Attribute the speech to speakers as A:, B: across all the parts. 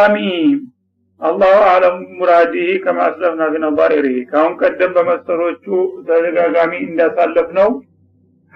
A: አሚን አላሁ አለም ሙራዲህ ከማስለፍና ፊነባሬሪ ከአሁን ቀደም በመሰሎቹ ተደጋጋሚ እንዳሳለፍ ነው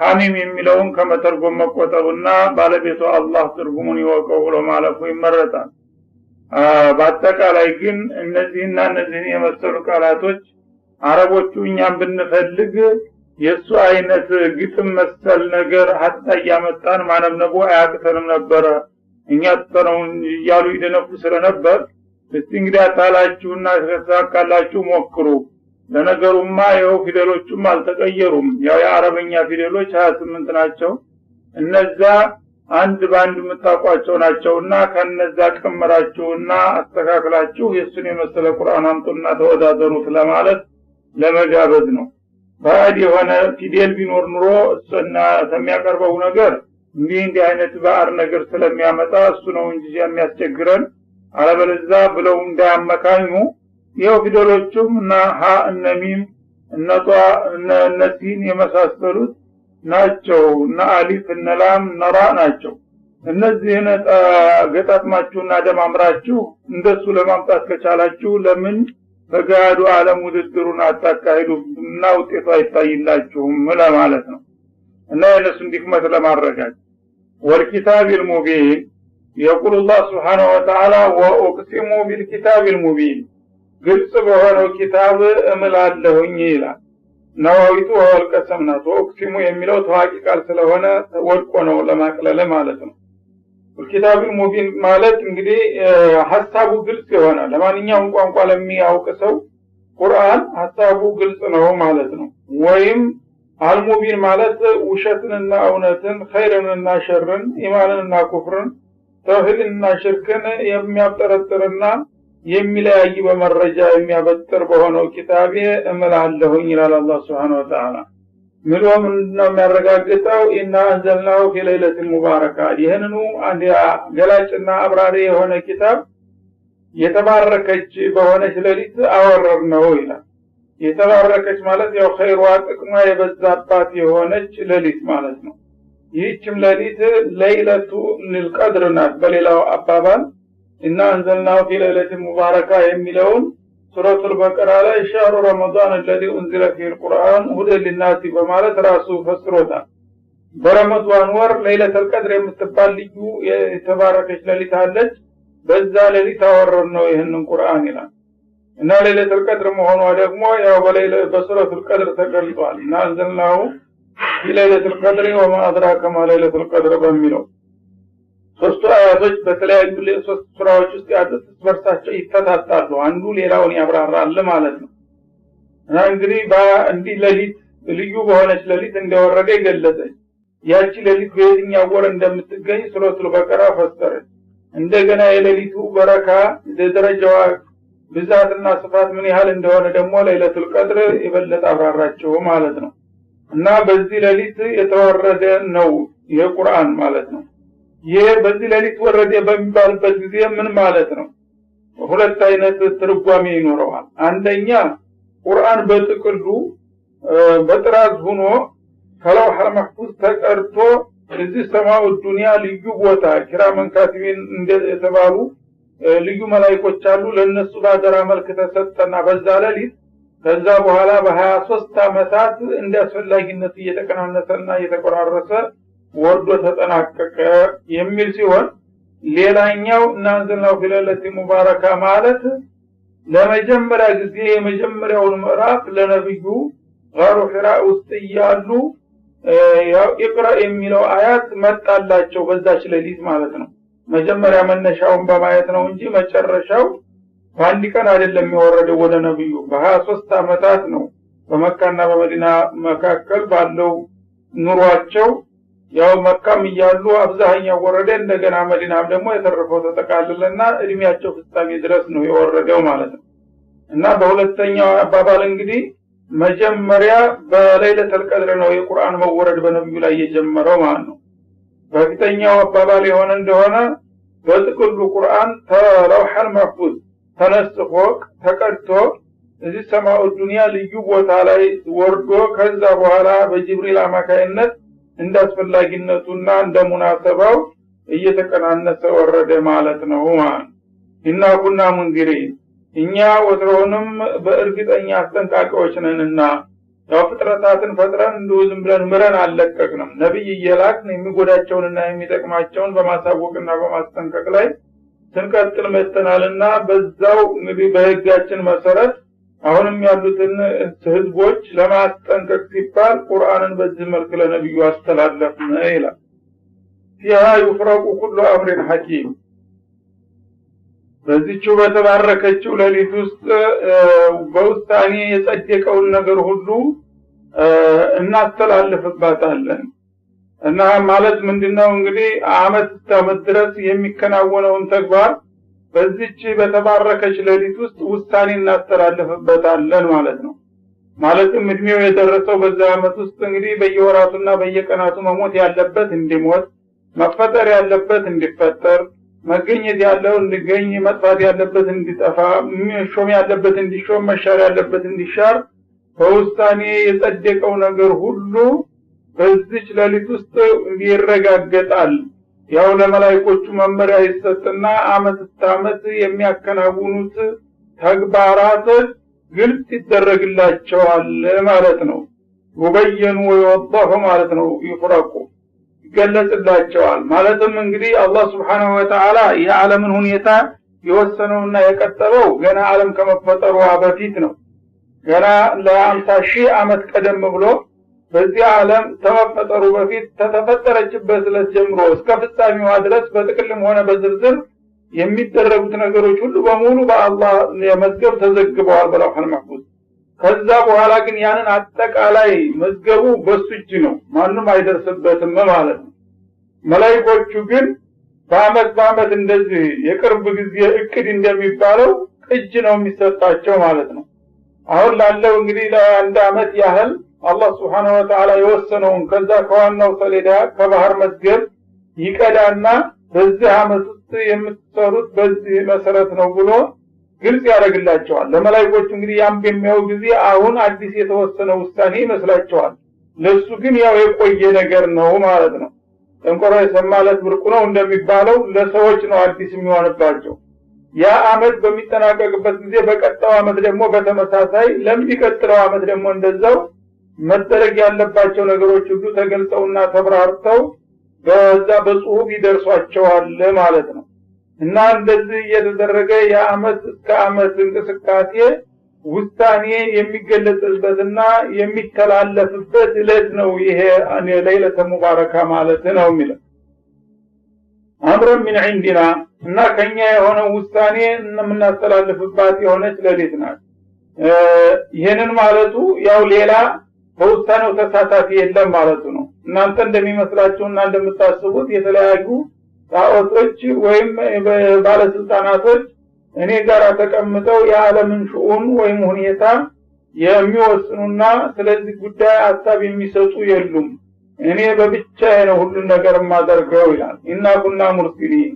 A: ሐሚም የሚለውን ከመተርጎም መቆጠቡና ባለቤቱ አላህ ትርጉሙን ይወቀው ብሎ ማለፉ ይመረጣል በአጠቃላይ ግን እነዚህና እነዚህን የመሰሉ ቃላቶች አረቦቹ እኛም ብንፈልግ የእሱ አይነት ግጥም መሰል ነገር ሀታ እያመጣን ማነብነቡ አያቅተንም ነበረ እኛ ጥጠነውን እያሉ ይደነቁ ስለነበር እስቲ እንግዲህ አታላችሁና ተሳካላችሁ ሞክሩ ለነገሩማ ይኸው ፊደሎቹም አልተቀየሩም ያው የአረበኛ ፊደሎች ሀያ ስምንት ናቸው እነዛ አንድ በአንድ የምታውቋቸው ናቸውና ከነዛ ቀምራችሁና አስተካክላችሁ የእሱን የመሰለ ቁርአን አምጡና ተወዳደሩት ለማለት ለመጋበዝ ነው ባዕድ የሆነ ፊደል ቢኖር ኑሮ እሱና ተሚያቀርበው ነገር እንዲህ እንዲህ አይነት ባዕር ነገር ስለሚያመጣ እሱ ነው እንጂ የሚያስቸግረን አለበለዛ ብለው እንዳያመካኙ ይኸው ፊደሎቹም እና ሀ እነ ሚም እነ ጧ እነ የመሳሰሉት ናቸው እነ አሊፍ እነ ላም እነ ራ ናቸው። እነዚህን ገጣጥማችሁና ደማምራችሁ እንደሱ ለማምጣት ከቻላችሁ ለምን በገሃዱ አለም ውድድሩን አታካሂዱ እና ውጤቱ አይታይላችሁም ለማለት ነው እና የእነሱን ድክመት ለማረጋጅ والكتاب المبين يقول الله سبحانه وتعالى ወኡቅሲሙ ቢልኪታብ ልሙቢን ግልጽ በሆነው ኪታብ እምላለሁኝ ይላል ነዋዊቱ ወልቀሰም ናት ወኡቅሲሙ የሚለው ታዋቂ ቃል ስለሆነ ወድቆ ነው ለማቅለል ማለት ነው ኪታብ ሙቢን ማለት እንግዲህ ሀሳቡ ግልጽ የሆነ ለማንኛውም ቋንቋ ለሚያውቅ ሰው ቁርአን ሀሳቡ ግልጽ ነው ማለት ነው ወይም አልሙቢን ማለት ውሸትንና እውነትን ኸይርንና ሸርን ኢማንንና ኩፍርን ተውሂድንና ሽርክን የሚያጠረጥርና የሚለያይ በመረጃ የሚያበጥር በሆነው ኪታቤ እምላለሁኝ ይላል አላ ስብን ወተላ ምሎ ምንድነው የሚያረጋግጠው? ኢና አንዘልናሁ ፊ ለይለትን ሙባረካ። ይህንኑ ገላጭና አብራሪ የሆነ ኪታብ የተባረከች በሆነች ሌሊት አወረር ነው ይላል። የተባረከች ማለት ያው ኸይሯ ጥቅሟ የበዛባት የሆነች ሌሊት ማለት ነው። ይህችም ሌሊት ለይለቱ ንልቀድር ናት። በሌላው አባባል እና አንዘልናሁ ፊ ለይለት ሙባረካ የሚለውን ሱረቱ ልበቀራ ላይ ሻሩ ረመን አለዚ ኡንዚለ ፊ ልቁርአን ሁደ ልናሲ በማለት ራሱ ፈስሮታል። በረመዷን ወር ለይለተል ልቀድር የምትባል ልዩ የተባረከች ሌሊት አለች። በዛ ሌሊት አወረድ ነው ይህንን ቁርአን ይላል። እና ሌለቱል ቀድር መሆኗ ደግሞ ያው በሌለ በሱረቱል ቀድር ተገልጧል። እና አንዘልናሁ ፊ ሌለቱል ቀድር ወማ አድራከ ማ ሌለቱል ቀድር በሚለው ሶስቱ አያቶች በተለያዩ ሶስት ሱራዎች ውስጥ ያሉት በርሳቸው ይተታታሉ። አንዱ ሌላውን ያብራራል ማለት ነው። እና እንግዲህ እንዲህ ሌሊት ልዩ በሆነች ሌሊት እንደወረደ ገለጸች። ያቺ ሌሊት በየትኛው ወር እንደምትገኝ ሱረቱል በቀራ ፈሰረች። እንደገና የሌሊቱ በረካ ደረጃዋ ብዛትና ስፋት ምን ያህል እንደሆነ ደግሞ ለይለቱል ቀድር የበለጠ አብራራቸው ማለት ነው። እና በዚህ ሌሊት የተወረደ ነው ይሄ ቁርአን ማለት ነው። ይሄ በዚህ ሌሊት ወረደ በሚባልበት ጊዜ ምን ማለት ነው? ሁለት አይነት ትርጓሜ ይኖረዋል። አንደኛ ቁርአን በጥቅሉ በጥራዝ ሆኖ ከለውሐል መሕፉዝ ተቀርቶ እዚህ ሰማው ዱንያ ልዩ ቦታ ኪራመን ካቲቢን እንደተባሉ ልዩ መላይኮች አሉ ለእነሱ በአደራ መልክ ተሰጠና በዛ ሌሊት ከዛ በኋላ በሀያ ሶስት አመታት እንደ አስፈላጊነቱ እየተቀናነሰና እየተቆራረሰ ወርዶ ተጠናቀቀ የሚል ሲሆን ሌላኛው እናንዘልናሁ ፊ ሙባረካ ማለት ለመጀመሪያ ጊዜ የመጀመሪያውን ምዕራፍ ለነብዩ ጋሩ ሒራ ውስጥ እያሉ ያው ኢቅራ የሚለው አያት መጣላቸው በዛች ሌሊት ማለት ነው መጀመሪያ መነሻውን በማየት ነው እንጂ መጨረሻው በአንድ ቀን አይደለም የወረደው ወደ ነቢዩ በሀያ ሶስት አመታት ነው በመካና በመዲና መካከል ባለው ኑሯቸው ያው መካም እያሉ አብዛኛው ወረደ እንደገና መዲናም ደግሞ የተረፈው ተጠቃልለና እድሜያቸው ፍጻሜ ድረስ ነው የወረደው ማለት ነው እና በሁለተኛው አባባል እንግዲህ መጀመሪያ በሌለ ቀድር ነው የቁርአን መወረድ በነቢዩ ላይ የጀመረው ማለት ነው በፊተኛው አባባል የሆነ እንደሆነ በጥቅሉ ቁርአን ተለውሐል መሕፉዝ ተነስፎ ተቀድቶ እዚህ ሰማኡ ዱኒያ ልዩ ቦታ ላይ ወርዶ ከዛ በኋላ በጅብሪል አማካይነት እንደ አስፈላጊነቱና እንደ ሙናሰባው እየተቀናነሰ ወረደ ማለት ነው። ማለት ኢና ኩና ሙንዚሪን እኛ ወትሮውንም በእርግጠኛ አስጠንቃቂዎች ነንና ያው ፍጥረታትን ፈጥረን እንዲሁ ዝም ብለን ምረን አልለቀቅንም። ነቢይ እየላክን የሚጎዳቸውንና የሚጠቅማቸውን በማሳወቅና በማስጠንቀቅ ላይ ስንቀጥል መጥተናልና በዛው እንግዲህ በህጋችን መሰረት አሁንም ያሉትን ህዝቦች ለማስጠንቀቅ ሲባል ቁርአንን በዚህ መልክ ለነቢዩ አስተላለፍን ይላል ፊሃ ዩፍረቁ ኩሉ አምሪን ሐኪም በዚችው በተባረከችው ሌሊት ውስጥ በውሳኔ የጸደቀውን ነገር ሁሉ እናስተላልፍባታለን እና ማለት ምንድነው እንግዲህ አመት ተመት ድረስ የሚከናወነውን ተግባር በዚች በተባረከች ሌሊት ውስጥ ውሳኔ እናስተላልፍበታለን ማለት ነው። ማለትም እድሜው የደረሰው በዛ አመት ውስጥ እንግዲህ በየወራቱና በየቀናቱ መሞት ያለበት እንዲሞት፣ መፈጠር ያለበት እንዲፈጠር መገኘት ያለው እንዲገኝ፣ መጥፋት ያለበት እንዲጠፋ፣ ሾም ያለበት እንዲሾም፣ መሻር ያለበት እንዲሻር በውሳኔ የጸደቀው ነገር ሁሉ በዚች ሌሊት ውስጥ ይረጋገጣል። ያው ለመላይኮቹ መመሪያ ይሰጥና አመት እስታመት የሚያከናውኑት ተግባራት ግልጽ ይደረግላቸዋል ማለት ነው። ወበየኑ ወይወጣሁ ማለት ነው ይፍረቁ ይገለጽላቸዋል። ማለትም እንግዲህ አላህ ስብሓነሁ ወተዓላ የዓለምን ሁኔታ የወሰነውና የቀጠለው ገና ዓለም ከመፈጠሯ በፊት ነው። ገና ለአምሳ ሺህ ዓመት ቀደም ብሎ በዚህ ዓለም ከመፈጠሩ በፊት ተተፈጠረችበት ዕለት ጀምሮ እስከ ፍጻሜዋ ድረስ በጥቅልም ሆነ በዝርዝር የሚደረጉት ነገሮች ሁሉ በሙሉ በአላህ መዝገብ ተዘግበዋል በለውሐል መሕፉዝ ከዛ በኋላ ግን ያንን አጠቃላይ መዝገቡ በሱ እጅ ነው፣ ማንም አይደርስበትም ማለት ነው። መላይኮቹ ግን በአመት በአመት እንደዚህ የቅርብ ጊዜ እቅድ እንደሚባለው ቅጅ ነው የሚሰጣቸው ማለት ነው። አሁን ላለው እንግዲህ ለአንድ አመት ያህል አላህ ስብሓነ ወተላ የወሰነውን ከዛ ከዋናው ሰሌዳ ከባህር መዝገብ ይቀዳና በዚህ አመት ውስጥ የምትሰሩት በዚህ መሰረት ነው ብሎ ግልጽ ያደርግላቸዋል። ለመላይኮቹ እንግዲህ ያም በሚያው ጊዜ አሁን አዲስ የተወሰነ ውሳኔ ይመስላቸዋል። ለሱ ግን ያው የቆየ ነገር ነው ማለት ነው። ጠንቆሮ የሰማለት ብርቁ ነው እንደሚባለው ለሰዎች ነው አዲስ የሚሆንባቸው። ያ አመት በሚጠናቀቅበት ጊዜ በቀጣው አመት ደግሞ በተመሳሳይ ለሚቀጥለው አመት ደግሞ እንደዛው መደረግ ያለባቸው ነገሮች ሁሉ ተገልጠውና ተብራርተው በዛ በጽሁፍ ይደርሷቸዋል ማለት ነው። እና እንደዚህ እየተደረገ የአመት እስከ አመት እንቅስቃሴ ውሳኔ የሚገለጽበትና የሚተላለፍበት እለት ነው ይሄ ለይለተ ሙባረካ ማለት ነው የሚለው አምረን ምን ዒንዲና እና ከኛ የሆነ ውሳኔ የምናስተላልፍባት የሆነች ሌሊት ናት። ይህንን ማለቱ ያው ሌላ በውሳኔው ተሳታፊ የለም ማለቱ ነው። እናንተ እንደሚመስላችሁና እንደምታስቡት የተለያዩ ጣዖቶች ወይም ባለስልጣናቶች እኔ ጋር ተቀምጠው የዓለምን ሽኡን ወይም ሁኔታ የሚወስኑና ስለዚህ ጉዳይ ሀሳብ የሚሰጡ የሉም። እኔ በብቻዬ ነው ሁሉን ነገር የማደርገው ይላል። ኢና ኩና ሙርሲሊን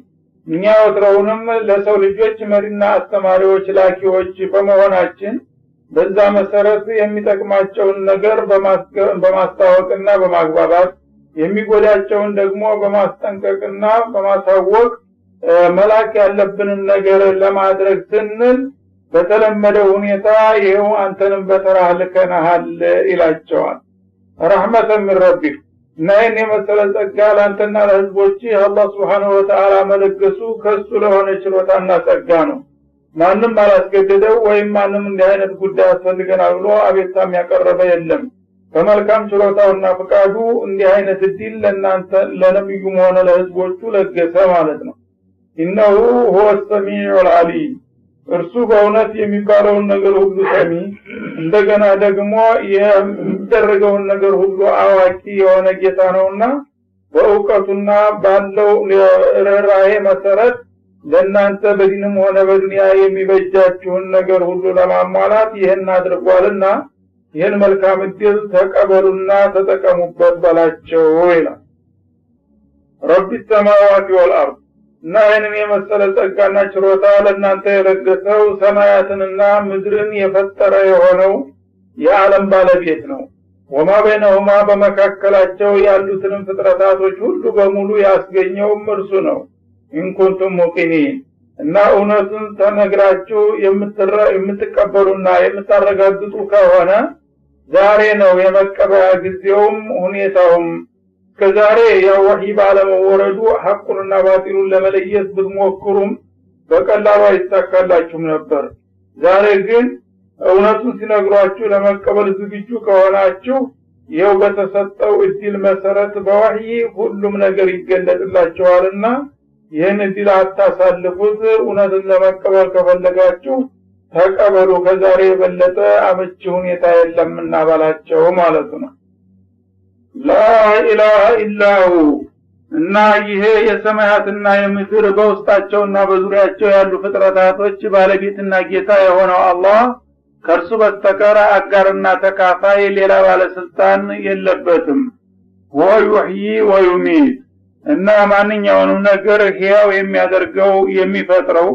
A: እኛ ወትረውንም ለሰው ልጆች መሪና አስተማሪዎች ላኪዎች በመሆናችን በዛ መሰረት የሚጠቅማቸውን ነገር በማስታወቅና በማግባባት የሚጎዳቸውን ደግሞ በማስጠንቀቅና በማሳወቅ መላክ ያለብንን ነገር ለማድረግ ስንል በተለመደ ሁኔታ ይኸው አንተንም በተራህ ልከናሃል ይላቸዋል። ረሕመተን ምን ረቢክ እና ይህን የመሰለ ጸጋ ለአንተና ለህዝቦች አላህ ስብሓንሁ ወተዓላ መለገሱ ከሱ ለሆነ ችሎታና ጸጋ ነው። ማንም አላስገደደው ወይም ማንም እንዲህ አይነት ጉዳይ አስፈልገናል ብሎ አቤታም ያቀረበ የለም። በመልካም ችሎታውና ፍቃዱ እንዲህ አይነት እድል ለእናንተ ለነቢዩም ሆነ ለህዝቦቹ ለገሰ ማለት ነው እነሁ ሁወ ሰሚዑ ልአሊም እርሱ በእውነት የሚባለውን ነገር ሁሉ ሰሚ እንደገና ደግሞ የሚደረገውን ነገር ሁሉ አዋቂ የሆነ ጌታ ነውና በእውቀቱና ባለው ርኅራሄ መሰረት ለእናንተ በዲንም ሆነ በዱኒያ የሚበጃችሁን ነገር ሁሉ ለማሟላት ይህን አድርጓልና ይህን መልካም እድል ተቀበሉና ተጠቀሙበት በላቸው ይላል። ረቢ ሰማዋት ወልአርድ እና ይህንን የመሰለ ጸጋና ችሮታ ለእናንተ የለገሰው ሰማያትንና ምድርን የፈጠረ የሆነው የዓለም ባለቤት ነው። ወማ በይነሁማ በመካከላቸው ያሉትንም ፍጥረታቶች ሁሉ በሙሉ ያስገኘውም እርሱ ነው። ኢንኩንቱም ሙቂኒን እና እውነቱን ተነግራችሁ የምትቀበሉና የምታረጋግጡ ከሆነ ዛሬ ነው የመቀበያ ጊዜውም ሁኔታውም። እስከዛሬ ያው ወሕይ ባለመወረዱ ሐቁንና ባጢሉን ለመለየት ብትሞክሩም በቀላሉ አይሳካላችሁም ነበር። ዛሬ ግን እውነቱን ሲነግሯችሁ ለመቀበል ዝግጁ ከሆናችሁ ይኸው በተሰጠው እድል መሰረት በወሕይ ሁሉም ነገር ይገለጥላችኋልና ይህን እዚህ ላታሳልፉት እውነትን ለመቀበል ከፈለጋችሁ ተቀበሉ፣ ከዛሬ የበለጠ አመቺ ሁኔታ የለም እናባላቸው ማለት ነው። ላኢላሃ ኢላሁ እና ይሄ የሰማያትና የምድር በውስጣቸውና በዙሪያቸው ያሉ ፍጥረታቶች ባለቤትና ጌታ የሆነው አላህ ከእርሱ በስተቀር አጋርና ተካፋይ ሌላ ባለስልጣን የለበትም። ወዩሕይ ወዩሚት እና ማንኛውንም ነገር ሕያው የሚያደርገው የሚፈጥረው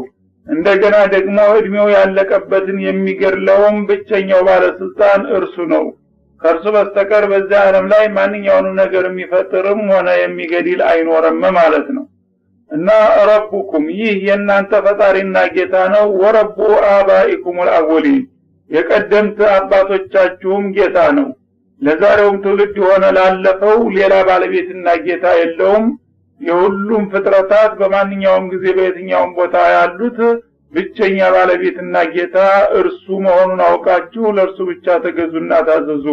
A: እንደገና ደግሞ እድሜው ያለቀበትን የሚገድለውም ብቸኛው ባለስልጣን እርሱ ነው። ከእርሱ በስተቀር በዚህ ዓለም ላይ ማንኛውንም ነገር የሚፈጥርም ሆነ የሚገድል አይኖርም ማለት ነው። እና ረቡኩም ይህ የእናንተ ፈጣሪና ጌታ ነው። ወረቡ አባኢኩም ልአወሊን የቀደምት አባቶቻችሁም ጌታ ነው። ለዛሬውም ትውልድ የሆነ ላለፈው ሌላ ባለቤትና ጌታ የለውም። የሁሉም ፍጥረታት በማንኛውም ጊዜ በየትኛውም ቦታ ያሉት ብቸኛ ባለቤትና ጌታ እርሱ መሆኑን አውቃችሁ ለእርሱ ብቻ ተገዙና ታዘዙ